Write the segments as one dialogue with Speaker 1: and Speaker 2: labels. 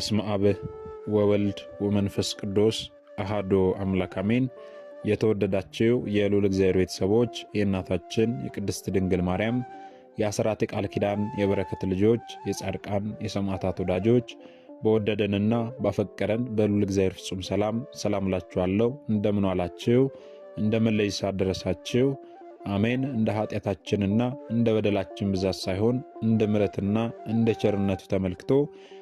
Speaker 1: በስመ አብ ወወልድ ወመንፈስ ቅዱስ አሃዶ አምላክ አሜን። የተወደዳችው የሉል እግዚአብሔር ቤተሰቦች የእናታችን የቅድስት ድንግል ማርያም የአስራት የቃል ኪዳን የበረከት ልጆች የጻድቃን የሰማዕታት ወዳጆች በወደደንና ባፈቀረን በሉል እግዚአብሔር ፍጹም ሰላም ሰላም ላችኋለሁ። እንደምን ዋላችሁ? እንደምን ለይሳ ደረሳችሁ? አሜን። እንደ ኃጢአታችንና እንደ በደላችን ብዛት ሳይሆን እንደ ምረትና እንደ ቸርነቱ ተመልክቶ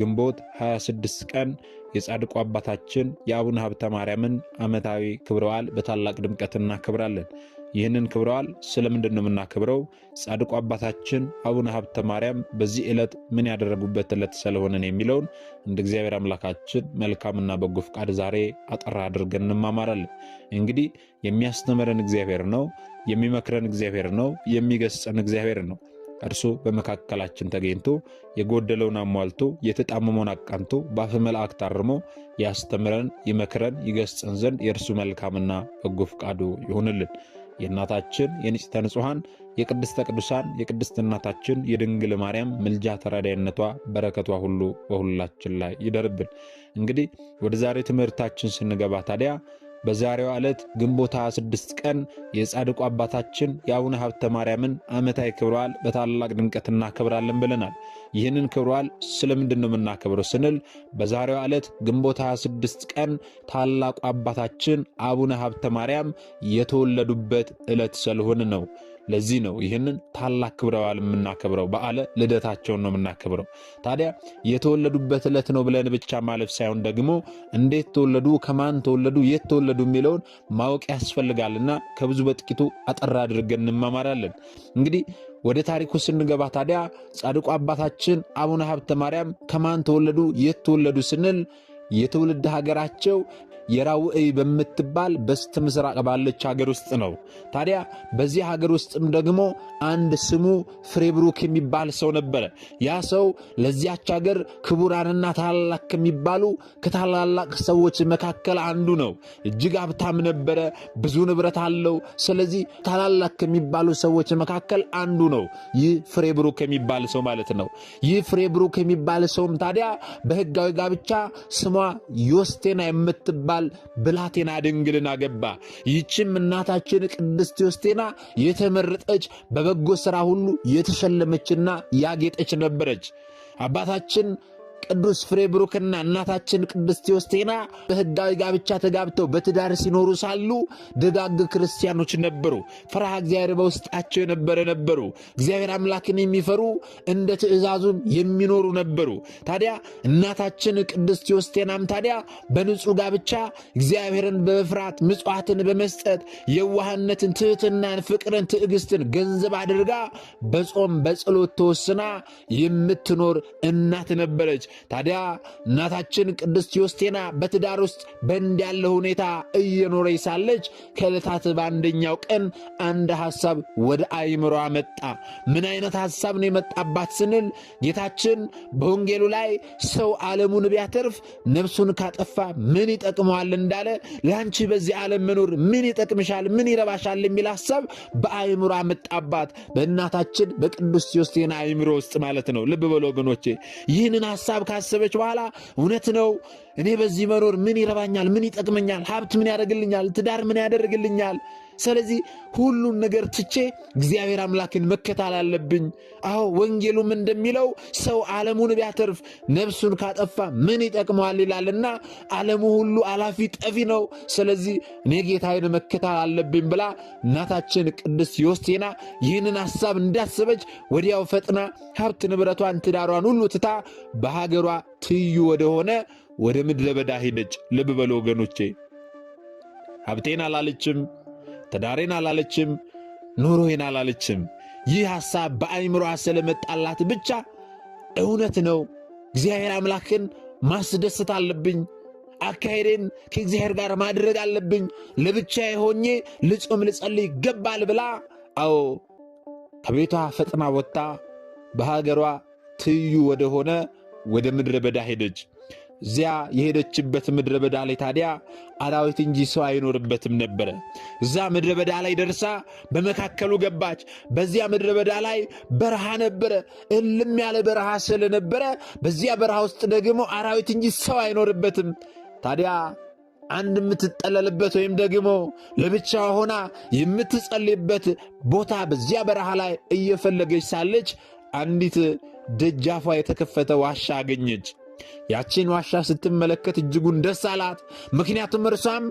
Speaker 1: ግንቦት 26 ቀን የጻድቁ አባታችን የአቡነ ሀብተ ማርያምን ዓመታዊ ክብረ በዓል በታላቅ ድምቀት እናከብራለን። ይህንን ክብረ በዓል ስለምንድን ነው የምናከብረው? ጻድቁ አባታችን አቡነ ሀብተ ማርያም በዚህ ዕለት ምን ያደረጉበት ዕለት ስለሆነን የሚለውን እንደ እግዚአብሔር አምላካችን መልካምና በጎ ፍቃድ ዛሬ አጠራ አድርገን እንማማራለን። እንግዲህ የሚያስተምረን እግዚአብሔር ነው፣ የሚመክረን እግዚአብሔር ነው፣ የሚገስጸን እግዚአብሔር ነው። እርሱ በመካከላችን ተገኝቶ የጎደለውን አሟልቶ የተጣመመውን አቃንቶ በአፈ መልአክ ታርሞ ያስተምረን፣ ይመክረን፣ ይገስጸን ዘንድ የእርሱ መልካምና በጎ ፍቃዱ ይሁንልን። የእናታችን የንጽሕተ ንጹሐን የቅድስተ ቅዱሳን የቅድስት እናታችን የድንግል ማርያም ምልጃ ተራዳይነቷ በረከቷ ሁሉ በሁላችን ላይ ይደርብን። እንግዲህ ወደ ዛሬ ትምህርታችን ስንገባ ታዲያ በዛሬዋ ዕለት ግንቦት 26 ቀን የጻድቁ አባታችን የአቡነ ሀብተ ማርያምን ዓመታዊ ክብረ በዓል በታላቅ ድምቀት እናከብራለን ብለናል። ይህንን ክብረ በዓል ስለምንድን ነው የምናከብረው ስንል በዛሬዋ ዕለት ግንቦት 26 ቀን ታላቁ አባታችን አቡነ ሀብተ ማርያም የተወለዱበት ዕለት ስለሆነ ነው። ለዚህ ነው ይህንን ታላቅ ክብረ በዓል የምናከብረው። በዓለ ልደታቸውን ነው የምናከብረው። ታዲያ የተወለዱበት ዕለት ነው ብለን ብቻ ማለፍ ሳይሆን ደግሞ እንዴት ተወለዱ፣ ከማን ተወለዱ፣ የት ተወለዱ የሚለውን ማወቅ ያስፈልጋልና ከብዙ በጥቂቱ አጠር አድርገን እንማማራለን። እንግዲህ ወደ ታሪኩ ስንገባ ታዲያ ጻድቁ አባታችን አቡነ ሀብተ ማርያም ከማን ተወለዱ፣ የት ተወለዱ ስንል የትውልድ ሀገራቸው የራውዕ በምትባል በስተ ምስራቅ ባለች ሀገር ውስጥ ነው። ታዲያ በዚህ ሀገር ውስጥም ደግሞ አንድ ስሙ ፍሬብሩክ የሚባል ሰው ነበረ። ያ ሰው ለዚያች ሀገር ክቡራንና ታላላቅ ከሚባሉ ከታላላቅ ሰዎች መካከል አንዱ ነው። እጅግ ሀብታም ነበረ፣ ብዙ ንብረት አለው። ስለዚህ ታላላቅ ከሚባሉ ሰዎች መካከል አንዱ ነው፣ ይህ ፍሬብሩክ የሚባል ሰው ማለት ነው። ይህ ፍሬብሩክ የሚባል ሰውም ታዲያ በህጋዊ ጋብቻ ስሟ ዮስቴና የምትባል ባል ብላቴና ድንግልን አገባ። ይችም እናታችን ቅድስት ዮስቴና የተመረጠች በበጎ ሥራ ሁሉ የተሸለመችና ያጌጠች ነበረች። አባታችን ቅዱስ ፍሬብሩክና እናታችን ቅድስት ቴዎስቴና በህጋዊ ጋብቻ ተጋብተው በትዳር ሲኖሩ ሳሉ ደጋግ ክርስቲያኖች ነበሩ። ፍርሃ እግዚአብሔር በውስጣቸው የነበረ ነበሩ። እግዚአብሔር አምላክን የሚፈሩ እንደ ትእዛዙም የሚኖሩ ነበሩ። ታዲያ እናታችን ቅድስት ቴዎስቴናም ታዲያ በንጹህ ጋብቻ እግዚአብሔርን በመፍራት ምጽዋትን በመስጠት የዋህነትን፣ ትህትናን፣ ፍቅርን፣ ትዕግስትን ገንዘብ አድርጋ በጾም በጸሎት ተወስና የምትኖር እናት ነበረች። ታዲያ እናታችን ቅድስት ዮስቴና በትዳር ውስጥ በእንዲህ ያለ ሁኔታ እየኖረች ሳለች ከዕለታት በአንደኛው ቀን አንድ ሐሳብ ወደ አይምሯ መጣ። ምን አይነት ሐሳብ ነው የመጣባት ስንል ጌታችን በወንጌሉ ላይ ሰው ዓለሙን ቢያተርፍ ነፍሱን ካጠፋ ምን ይጠቅመዋል እንዳለ ለአንቺ በዚህ ዓለም መኖር ምን ይጠቅምሻል? ምን ይረባሻል? የሚል ሐሳብ በአይምሯ መጣባት። በእናታችን በቅዱስ ዮስቴና አይምሮ ውስጥ ማለት ነው። ልብ በሎ ወገኖቼ ይህንን ሐሳብ ሀሳብ ካሰበች በኋላ እውነት ነው እኔ በዚህ መኖር ምን ይረባኛል? ምን ይጠቅመኛል? ሀብት ምን ያደርግልኛል? ትዳር ምን ያደርግልኛል? ስለዚህ ሁሉን ነገር ትቼ እግዚአብሔር አምላክን መከተል አለብኝ። አዎ ወንጌሉም እንደሚለው ሰው ዓለሙን ቢያተርፍ ነፍሱን ካጠፋ ምን ይጠቅመዋል ይላልና ዓለሙ ሁሉ አላፊ ጠፊ ነው። ስለዚህ እኔ ጌታዬን መከተል አለብኝ ብላ እናታችን ቅድስት ዮስቴና ይህንን ሐሳብ እንዳሰበች ወዲያው ፈጥና ሀብት ንብረቷን፣ ትዳሯን ሁሉ ትታ በሀገሯ ትዩ ወደሆነ ወደ ምድረ በዳ ሄደች። ልብ በሉ ወገኖቼ፣ ሀብቴን አላለችም ትዳሬን አላለችም፣ ኑሮዬን አላለችም። ይህ ሐሳብ በአይምሮዋ ስለመጣላት ብቻ እውነት ነው፣ እግዚአብሔር አምላክን ማስደሰት አለብኝ፣ አካሄዴን ከእግዚአብሔር ጋር ማድረግ አለብኝ፣ ለብቻ ሆኜ ልጾም ልጸልይ ይገባል ብላ አዎ ከቤቷ ፈጥና ወጥታ በሀገሯ ትይዩ ወደሆነ ወደ ምድረ በዳ ሄደች። እዚያ የሄደችበት ምድረ በዳ ላይ ታዲያ አራዊት እንጂ ሰው አይኖርበትም ነበረ። እዛ ምድረ በዳ ላይ ደርሳ በመካከሉ ገባች። በዚያ ምድረ በዳ ላይ በረሃ ነበረ። እልም ያለ በረሃ ስለነበረ በዚያ በረሃ ውስጥ ደግሞ አራዊት እንጂ ሰው አይኖርበትም። ታዲያ አንድ የምትጠለልበት ወይም ደግሞ ለብቻ ሆና የምትጸልይበት ቦታ በዚያ በረሃ ላይ እየፈለገች ሳለች አንዲት ደጃፏ የተከፈተ ዋሻ አገኘች። ያቺን ዋሻ ስትመለከት እጅጉን ደስ አላት። ምክንያቱም እርሷም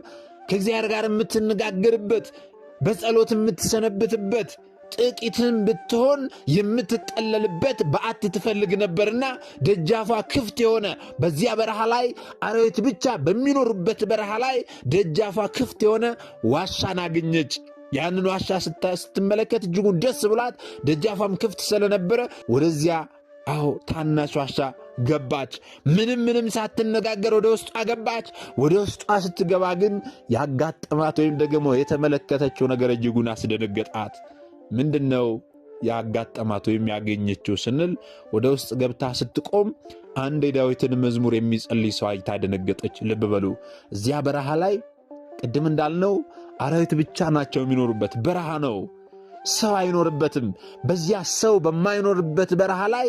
Speaker 1: ከእግዚአብሔር ጋር የምትነጋገርበት በጸሎት የምትሰነብትበት ጥቂትን ብትሆን የምትጠለልበት በዓት ትፈልግ ነበርና ደጃፏ ክፍት የሆነ በዚያ በረሃ ላይ አራዊት ብቻ በሚኖሩበት በረሃ ላይ ደጃፏ ክፍት የሆነ ዋሻን አገኘች። ያንን ዋሻ ስትመለከት እጅጉን ደስ ብላት፣ ደጃፏም ክፍት ስለነበረ ወደዚያ አዎ ታናሽ ዋሻ ገባች። ምንም ምንም ሳትነጋገር ወደ ውስጧ ገባች። ወደ ውስጧ ስትገባ ግን ያጋጠማት ወይም ደግሞ የተመለከተችው ነገር እጅጉን አስደነገጣት። ምንድን ነው ያጋጠማት ወይም ያገኘችው ስንል ወደ ውስጥ ገብታ ስትቆም አንድ የዳዊትን መዝሙር የሚጸልይ ሰው አይታ ደነገጠች። ልብ በሉ እዚያ በረሃ ላይ ቅድም እንዳልነው አራዊት ብቻ ናቸው የሚኖሩበት በረሃ ነው። ሰው አይኖርበትም። በዚያ ሰው በማይኖርበት በረሃ ላይ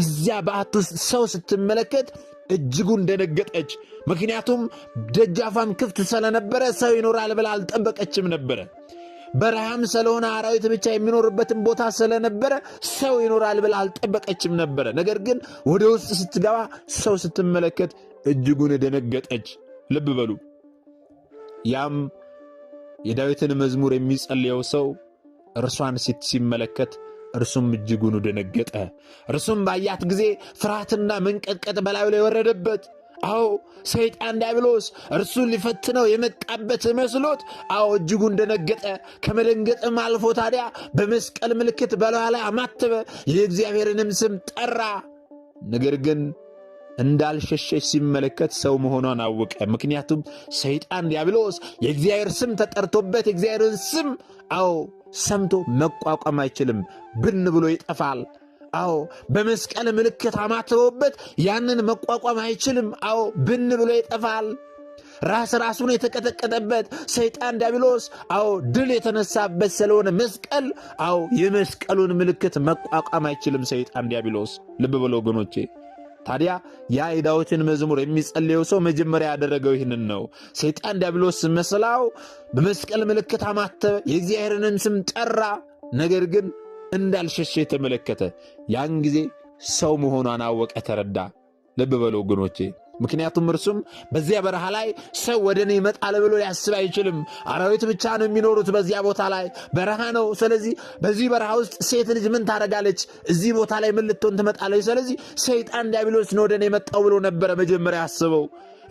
Speaker 1: እዚያ በአት ውስጥ ሰው ስትመለከት እጅጉን ደነገጠች። ምክንያቱም ደጃፏም ክፍት ስለነበረ ሰው ይኖራል ብላ አልጠበቀችም ነበረ። በረሃም ስለሆነ አራዊት ብቻ የሚኖርበትን ቦታ ስለነበረ ሰው ይኖራል ብላ አልጠበቀችም ነበረ። ነገር ግን ወደ ውስጥ ስትገባ ሰው ስትመለከት እጅጉን ደነገጠች። ልብ በሉ። ያም የዳዊትን መዝሙር የሚጸልየው ሰው እርሷን ሲመለከት እርሱም እጅጉን ደነገጠ። እርሱም ባያት ጊዜ ፍርሃትና መንቀጥቀጥ በላዩ ላይ ወረደበት። አዎ ሰይጣን ዲያብሎስ እርሱን ሊፈትነው የመጣበት መስሎት፣ አዎ እጅጉን ደነገጠ። ከመደንገጥም አልፎ ታዲያ በመስቀል ምልክት በላዩ ላይ አማተበ፣ የእግዚአብሔርንም ስም ጠራ። ነገር ግን እንዳልሸሸች ሲመለከት ሰው መሆኗን አወቀ። ምክንያቱም ሰይጣን ዲያብሎስ የእግዚአብሔር ስም ተጠርቶበት የእግዚአብሔርን ስም አዎ ሰምቶ መቋቋም አይችልም። ብን ብሎ ይጠፋል። አዎ በመስቀል ምልክት አማትበውበት ያንን መቋቋም አይችልም። አዎ ብን ብሎ ይጠፋል። ራስ ራሱን የተቀጠቀጠበት ሰይጣን ዲያብሎስ፣ አዎ ድል የተነሳበት ስለሆነ መስቀል፣ አዎ የመስቀሉን ምልክት መቋቋም አይችልም ሰይጣን ዲያብሎስ። ልብ በሉ ወገኖቼ። ታዲያ የአይሁዳዎችን መዝሙር የሚጸልየው ሰው መጀመሪያ ያደረገው ይህንን ነው። ሰይጣን ዲያብሎስ መስላው በመስቀል ምልክት አማተበ፣ የእግዚአብሔርንም ስም ጠራ። ነገር ግን እንዳልሸሸ የተመለከተ ያን ጊዜ ሰው መሆኗን አወቀ፣ ተረዳ። ልብ በሉ ወገኖቼ። ምክንያቱም እርሱም በዚያ በረሃ ላይ ሰው ወደ እኔ ይመጣል ብሎ ሊያስብ አይችልም። አራዊት ብቻ ነው የሚኖሩት በዚያ ቦታ ላይ በረሃ ነው። ስለዚህ በዚህ በረሃ ውስጥ ሴት ልጅ ምን ታደርጋለች? እዚህ ቦታ ላይ ምን ልትሆን ትመጣለች? ስለዚህ ሰይጣን ዲያብሎስ ነው ወደ እኔ የመጣው ብሎ ነበረ መጀመሪያ ያስበው።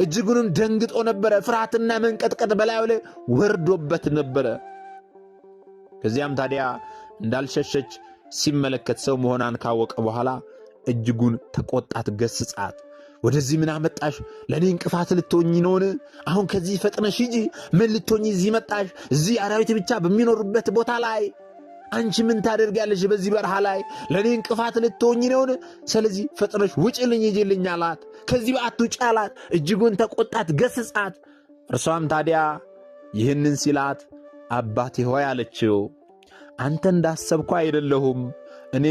Speaker 1: እጅጉንም ደንግጦ ነበረ። ፍርሃትና መንቀጥቀጥ በላዩ ላይ ወርዶበት ነበረ። ከዚያም ታዲያ እንዳልሸሸች ሲመለከት ሰው መሆኗን ካወቀ በኋላ እጅጉን ተቆጣት፣ ገስጻት። ወደዚህ ምን አመጣሽ? ለእኔ እንቅፋት ልትሆኝ ነውን? አሁን ከዚህ ፈጥነሽ ሂጂ። ምን ልትሆኝ እዚህ መጣሽ? እዚህ አራዊት ብቻ በሚኖሩበት ቦታ ላይ አንቺ ምን ታደርጊያለሽ? በዚህ በረሃ ላይ ለእኔ እንቅፋት ልትሆኝ ነውን? ስለዚህ ፈጥነሽ ውጭልኝ፣ ሂጂልኝ አላት። ከዚህ በአት ውጭ አላት። እጅጉን ተቆጣት፣ ገስጻት። እርሷም ታዲያ ይህንን ሲላት አባቴ ሆይ አለችው፣ አንተ እንዳሰብኩ አይደለሁም እኔ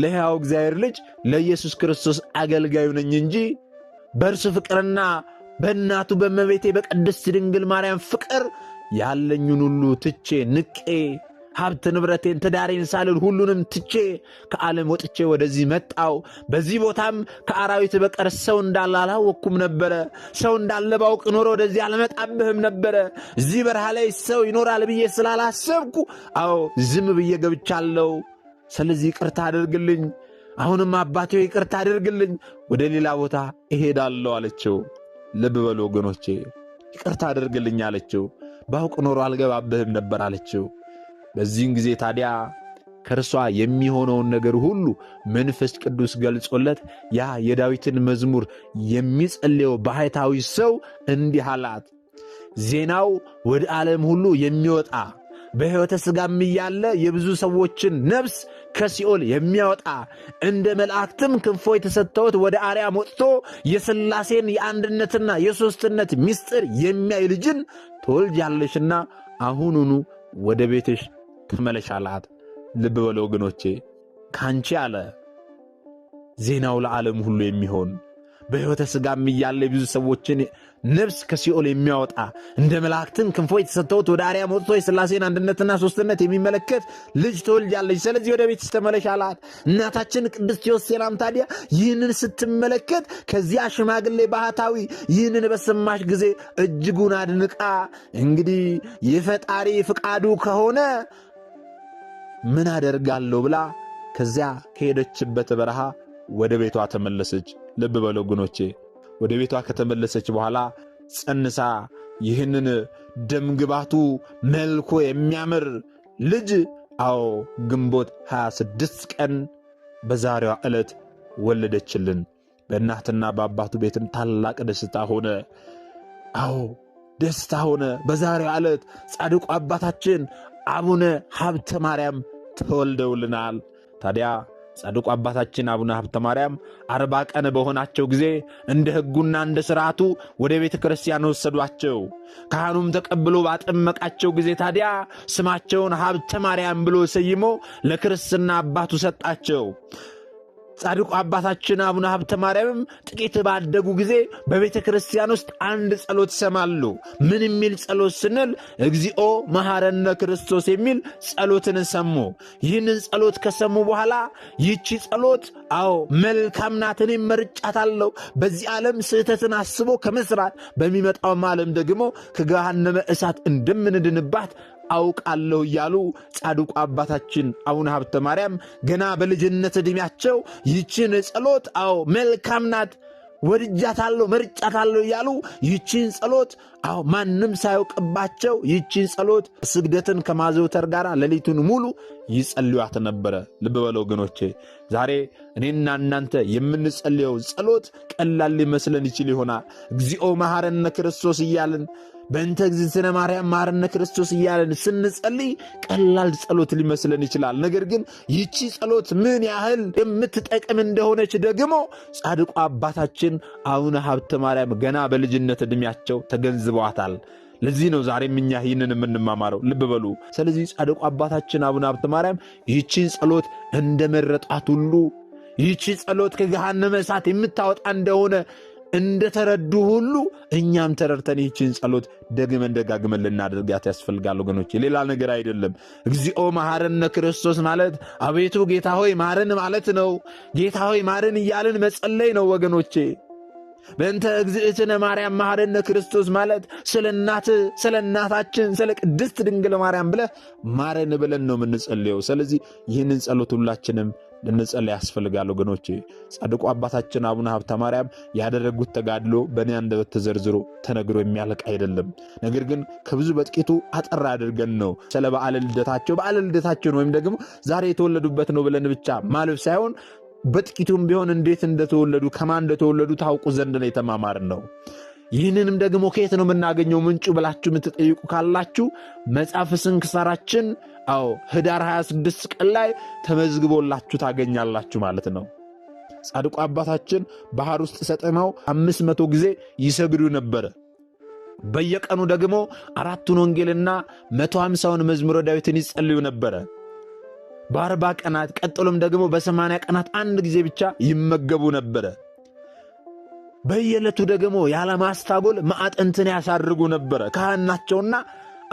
Speaker 1: ለሕያው እግዚአብሔር ልጅ ለኢየሱስ ክርስቶስ አገልጋዩ ነኝ እንጂ በእርሱ ፍቅርና በእናቱ በመቤቴ በቅድስት ድንግል ማርያም ፍቅር ያለኝን ሁሉ ትቼ ንቄ ሀብት ንብረቴን ትዳሬን ሳልል ሁሉንም ትቼ ከዓለም ወጥቼ ወደዚህ መጣው። በዚህ ቦታም ከአራዊት በቀር ሰው እንዳለ አላወቅኩም ነበረ። ሰው እንዳለ ባውቅ ኖሮ ወደዚህ አልመጣብህም ነበረ። እዚህ በረሃ ላይ ሰው ይኖራል ብዬ ስላላሰብኩ፣ አዎ ዝም ብዬ ገብቻለሁ። ስለዚህ ይቅርታ አድርግልኝ፣ አሁንም አባቴ ይቅርታ አድርግልኝ፣ ወደ ሌላ ቦታ እሄዳለሁ አለችው። ልብ በሉ ወገኖቼ፣ ይቅርታ አድርግልኝ አለችው። ባውቅ ኖሮ አልገባብህም ነበር አለችው። በዚህን ጊዜ ታዲያ ከእርሷ የሚሆነውን ነገር ሁሉ መንፈስ ቅዱስ ገልጾለት ያ የዳዊትን መዝሙር የሚጸልየው ባሕታዊ ሰው እንዲህ አላት። ዜናው ወደ ዓለም ሁሉ የሚወጣ በሕይወተ ሥጋም እያለ የብዙ ሰዎችን ነፍስ ከሲኦል የሚያወጣ እንደ መላእክትም ክንፎ የተሰጠውት ወደ አርያም ወጥቶ የሥላሴን የአንድነትና የሦስትነት ምስጢር የሚያይ ልጅን ትወልጃለሽና አሁኑኑ ወደ ቤትሽ ተመለሻላት። ልብ በለ ወገኖቼ፣ ካንቺ አለ ዜናው ለዓለም ሁሉ የሚሆን በሕይወተ ሥጋም እያለ የብዙ ሰዎችን ነፍስ ከሲኦል የሚያወጣ እንደ መላእክትን ክንፎ የተሰተውት ወደ አርያም ወጥቶ የሥላሴን አንድነትና ሦስትነት የሚመለከት ልጅ ትወልጃለች፣ ስለዚህ ወደ ቤትሽ ተመለሽ አላት። እናታችን ቅድስት ዮሴናም ታዲያ ይህንን ስትመለከት ከዚያ ሽማግሌ ባህታዊ ይህንን በሰማሽ ጊዜ እጅጉን አድንቃ እንግዲህ የፈጣሪ ፍቃዱ ከሆነ ምን አደርጋለሁ ብላ ከዚያ ከሄደችበት በረሃ ወደ ቤቷ ተመለሰች። ልብ በለ ወገኖቼ፣ ወደ ቤቷ ከተመለሰች በኋላ ጸንሳ ይህንን ደምግባቱ መልኮ የሚያምር ልጅ አዎ ግንቦት 26 ቀን በዛሬዋ ዕለት ወለደችልን። በእናትና በአባቱ ቤትም ታላቅ ደስታ ሆነ። አዎ ደስታ ሆነ። በዛሬዋ ዕለት ጻድቁ አባታችን አቡነ ሀብተ ማርያም ተወልደውልናል። ታዲያ ጻድቁ አባታችን አቡነ ሀብተ ማርያም አርባ ቀን በሆናቸው ጊዜ እንደ ሕጉና እንደ ሥርዓቱ ወደ ቤተ ክርስቲያን ወሰዷቸው። ካህኑም ተቀብሎ ባጠመቃቸው ጊዜ ታዲያ ስማቸውን ሀብተ ማርያም ብሎ ሰይሞ ለክርስትና አባቱ ሰጣቸው። ጻድቁ አባታችን አቡነ ሀብተ ማርያምም ጥቂት ባደጉ ጊዜ በቤተ ክርስቲያን ውስጥ አንድ ጸሎት ይሰማሉ። ምን የሚል ጸሎት ስንል እግዚኦ መሐረነ ክርስቶስ የሚል ጸሎትን ሰሙ። ይህንን ጸሎት ከሰሙ በኋላ ይቺ ጸሎት አዎ መልካም ናት፣ እኔም መርጫታለሁ። በዚህ ዓለም ስህተትን አስቦ ከመስራት በሚመጣውም ዓለም ደግሞ ከገሃነመ እሳት እንደምንድንባት አውቃለሁ እያሉ ጻድቁ አባታችን አቡነ ሀብተ ማርያም ገና በልጅነት ዕድሜያቸው ይችን ጸሎት አዎ መልካም ናት ወድጃታለሁ መርጫታለሁ እያሉ ይቺን ጸሎት አዎ ማንም ሳያውቅባቸው ይቺን ጸሎት ስግደትን ከማዘውተር ጋር ሌሊቱን ሙሉ ይጸልዋት ነበረ። ልብ በሉ ወገኖቼ። ዛሬ እኔና እናንተ የምንጸልየው ጸሎት ቀላል ሊመስለን ይችል ይሆናል። እግዚኦ መሐረነ ክርስቶስ እያልን በእንተ እግዝእትነ ማርያም መሐረነ ክርስቶስ እያለን ስንጸልይ ቀላል ጸሎት ሊመስለን ይችላል። ነገር ግን ይቺ ጸሎት ምን ያህል የምትጠቅም እንደሆነች ደግሞ ጻድቁ አባታችን አቡነ ሀብተ ማርያም ገና በልጅነት ዕድሜያቸው ተገንዝበዋታል። ለዚህ ነው ዛሬም እኛ ይህንን የምንማማረው። ልብ በሉ። ስለዚህ ጻድቁ አባታችን አቡነ ሀብተ ማርያም ይህችን ጸሎት እንደመረጣት ሁሉ ይህቺ ጸሎት ከገሃነመ እሳት የምታወጣ እንደሆነ እንደተረዱ ሁሉ እኛም ተረድተን ይህችን ጸሎት ደግመን ደጋግመን ልናደርጋት ያስፈልጋል ወገኖች፣ ሌላ ነገር አይደለም። እግዚኦ መሐረነ ክርስቶስ ማለት አቤቱ ጌታ ሆይ ማረን ማለት ነው። ጌታ ሆይ ማረን እያልን መጸለይ ነው ወገኖቼ። በእንተ እግዝእትነ ማርያም ማህደነ ክርስቶስ ማለት ስለ እናት ስለ እናታችን ስለ ቅድስት ድንግል ማርያም ብለ ማረን ብለን ነው የምንጸልየው። ስለዚህ ይህንን ጸሎት ሁላችንም ልንጸልይ ያስፈልጋል ወገኖቼ። ጻድቁ አባታችን አቡነ ሀብተ ማርያም ያደረጉት ተጋድሎ በእኔ አንደበት ተዘርዝሮ ተነግሮ የሚያልቅ አይደለም። ነገር ግን ከብዙ በጥቂቱ አጠር አድርገን ነው ስለ በዓለ ልደታቸው በዓለ ልደታቸውን ወይም ደግሞ ዛሬ የተወለዱበት ነው ብለን ብቻ ማለፍ ሳይሆን በጥቂቱም ቢሆን እንዴት እንደተወለዱ ከማን እንደተወለዱ ታውቁ ዘንድ ነው የተማማር ነው። ይህንንም ደግሞ ከየት ነው የምናገኘው ምንጩ ብላችሁ የምትጠይቁ ካላችሁ መጽሐፍ ስንክሳራችን፣ አዎ ህዳር 26 ቀን ላይ ተመዝግቦላችሁ ታገኛላችሁ ማለት ነው። ጻድቁ አባታችን ባህር ውስጥ ሰጥመው አምስት መቶ ጊዜ ይሰግዱ ነበር በየቀኑ ደግሞ አራቱን ወንጌልና መቶ ሀምሳውን መዝሙረ ዳዊትን ይጸልዩ ነበረ። በአርባ ቀናት ቀጥሎም ደግሞ በሰማንያ ቀናት አንድ ጊዜ ብቻ ይመገቡ ነበረ። በየዕለቱ ደግሞ ያለማስታጎል ማዕጠንትን ያሳርጉ ነበረ። ካህን ናቸውና፣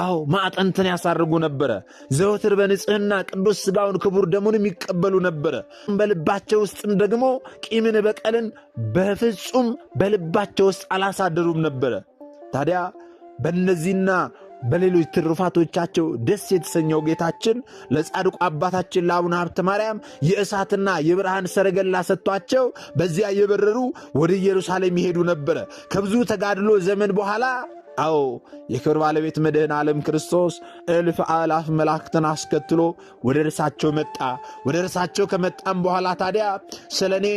Speaker 1: አዎ ማዕጠንትን ያሳርጉ ነበረ። ዘወትር በንጽህና ቅዱስ ሥጋውን ክቡር ደሙንም ይቀበሉ ነበረ። በልባቸው ውስጥም ደግሞ ቂምን፣ በቀልን በፍጹም በልባቸው ውስጥ አላሳደሩም ነበረ። ታዲያ በእነዚህና በሌሎች ትሩፋቶቻቸው ደስ የተሰኘው ጌታችን ለጻድቁ አባታችን ለአቡነ ሀብተ ማርያም የእሳትና የብርሃን ሰረገላ ሰጥቷቸው በዚያ የበረሩ ወደ ኢየሩሳሌም ይሄዱ ነበረ። ከብዙ ተጋድሎ ዘመን በኋላ አዎ የክብር ባለቤት መድህን ዓለም ክርስቶስ እልፍ አላፍ መላእክትን አስከትሎ ወደ እርሳቸው መጣ። ወደ እርሳቸው ከመጣም በኋላ ታዲያ ስለ እኔ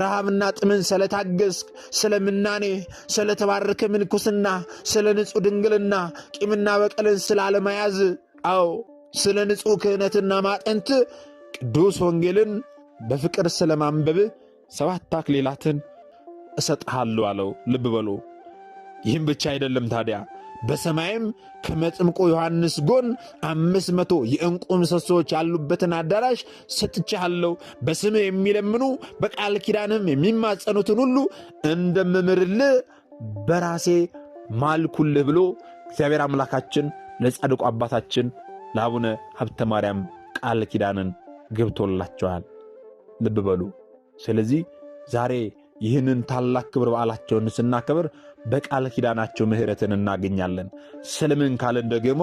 Speaker 1: ረሃብና ጥምን ስለታገስክ፣ ስለ ምናኔ፣ ስለተባረከ ምንኩስና፣ ስለ ንጹሕ ድንግልና፣ ቂምና በቀልን ስላለመያዝ፣ አዎ ስለ ንጹሕ ክህነትና ማጠንት ቅዱስ ወንጌልን በፍቅር ስለማንበብ ሰባት አክሊላትን እሰጥሃለሁ አለው። ልብ በሉ። ይህም ብቻ አይደለም ታዲያ በሰማይም ከመጥምቆ ዮሐንስ ጎን አምስት መቶ የእንቁ ምሰሶዎች ያሉበትን አዳራሽ ሰጥቼሃለሁ፣ በስም የሚለምኑ በቃል ኪዳንም የሚማጸኑትን ሁሉ እንደምምርልህ በራሴ ማልኩልህ ብሎ እግዚአብሔር አምላካችን ለጻድቁ አባታችን ለአቡነ ሀብተ ማርያም ቃል ኪዳንን ገብቶላቸዋል። ልብ በሉ። ስለዚህ ዛሬ ይህንን ታላቅ ክብር በዓላቸውን ስናከብር በቃል ኪዳናቸው ምሕረትን እናገኛለን። ስልምን ካልን ደግሞ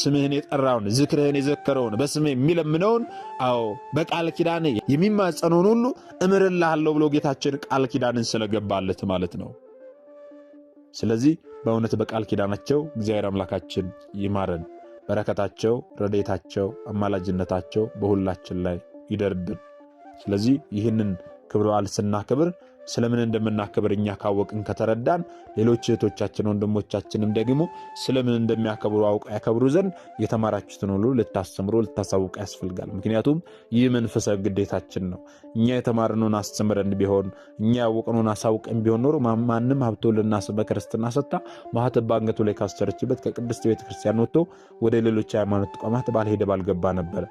Speaker 1: ስምህን የጠራውን ዝክርህን የዘከረውን በስምህ የሚለምነውን አዎ በቃል ኪዳን የሚማጸነውን ሁሉ እምርልሃለሁ ብሎ ጌታችን ቃል ኪዳንን ስለገባለት ማለት ነው። ስለዚህ በእውነት በቃል ኪዳናቸው እግዚአብሔር አምላካችን ይማረን። በረከታቸው፣ ረዴታቸው፣ አማላጅነታቸው በሁላችን ላይ ይደርብን። ስለዚህ ይህንን ክብረ በዓል ስናክብር ስለምን እንደምናከብር እኛ ካወቅን ከተረዳን፣ ሌሎች እህቶቻችን ወንድሞቻችንም ደግሞ ስለምን እንደሚያከብሩ አውቀ ያከብሩ ዘንድ የተማራችሁትን ሁሉ ልታስተምሩ ልታሳውቀ ያስፈልጋል። ምክንያቱም ይህ መንፈሳዊ ግዴታችን ነው። እኛ የተማርነውን አስተምረን ቢሆን እኛ ያወቅነውን አሳውቀን ቢሆን ኖሮ ማንም ሀብቶ ልናስ በክርስትና ሰታ ማህተብ በአንገቱ ላይ ካስቸረችበት ከቅድስት ቤተክርስቲያን ወጥቶ ወደ ሌሎች ሃይማኖት ተቋማት ባልሄደ ባልገባ ነበረ።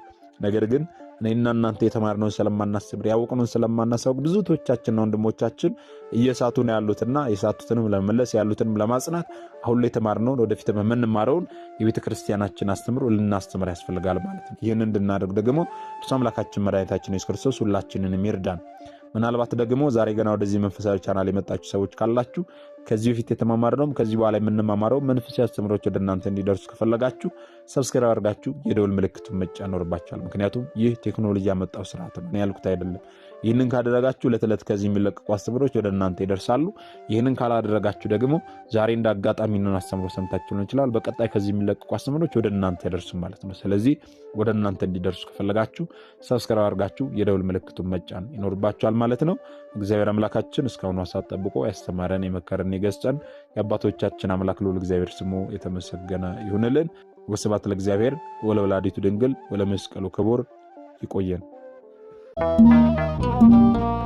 Speaker 1: ነገር ግን እኔና እናንተ የተማርነውን ስለማናስብ ያወቅነውን ስለማናሳውቅ ብዙቶቻችንና ወንድሞቻችን እየሳቱ ነው ያሉትና የሳቱትንም ለመመለስ ያሉትንም ለማጽናት አሁን ላይ የተማርነውን ወደፊት የምንማረውን የቤተ ክርስቲያናችን አስተምሮ ልናስተምር ያስፈልጋል ማለት ነው። ይህን እንድናደርግ ደግሞ እርሱ አምላካችን መድኃኒታችን ኢየሱስ ክርስቶስ ሁላችንንም ይርዳን። ምናልባት ደግሞ ዛሬ ገና ወደዚህ መንፈሳዊ ቻናል የመጣችሁ ሰዎች ካላችሁ ከዚህ በፊት የተማማርነውም ከዚህ በኋላ የምንማማረው መንፈሳዊ አስተምሮች ወደ እናንተ እንዲደርሱ ከፈለጋችሁ ሰብስክራይብ አድርጋችሁ የደውል ምልክቱን መጫን ይኖርባችኋል። ምክንያቱም ይህ ቴክኖሎጂ ያመጣው ስርዓት ነው፣ እኔ ያልኩት አይደለም። ይህንን ካደረጋችሁ ዕለት ዕለት ከዚህ የሚለቀቁ አስተምሮች ወደ እናንተ ይደርሳሉ። ይህንን ካላደረጋችሁ ደግሞ ዛሬ እንደ አጋጣሚ ነን አስተምሮ ሰምታችሁ ሊሆን ይችላል። በቀጣይ ከዚህ የሚለቀቁ አስተምሮች ወደ እናንተ ይደርሱ ማለት ነው። ስለዚህ ወደ እናንተ እንዲደርሱ ከፈለጋችሁ ሰብስክራይብ አድርጋችሁ የደውል ምልክቱን መጫን ይኖርባችኋል ማለት ነው። እግዚአብሔር አምላካችን እስካሁኑ ሰዓት ጠብቆ ያስተማረን የመከረን የገጸን የአባቶቻችን አምላክ ልዑል እግዚአብሔር ስሙ የተመሰገነ ይሁንልን። ወስብሐት ለእግዚአብሔር ወለወላዲቱ ድንግል ወለመስቀሉ ክቡር። ይቆየን። Música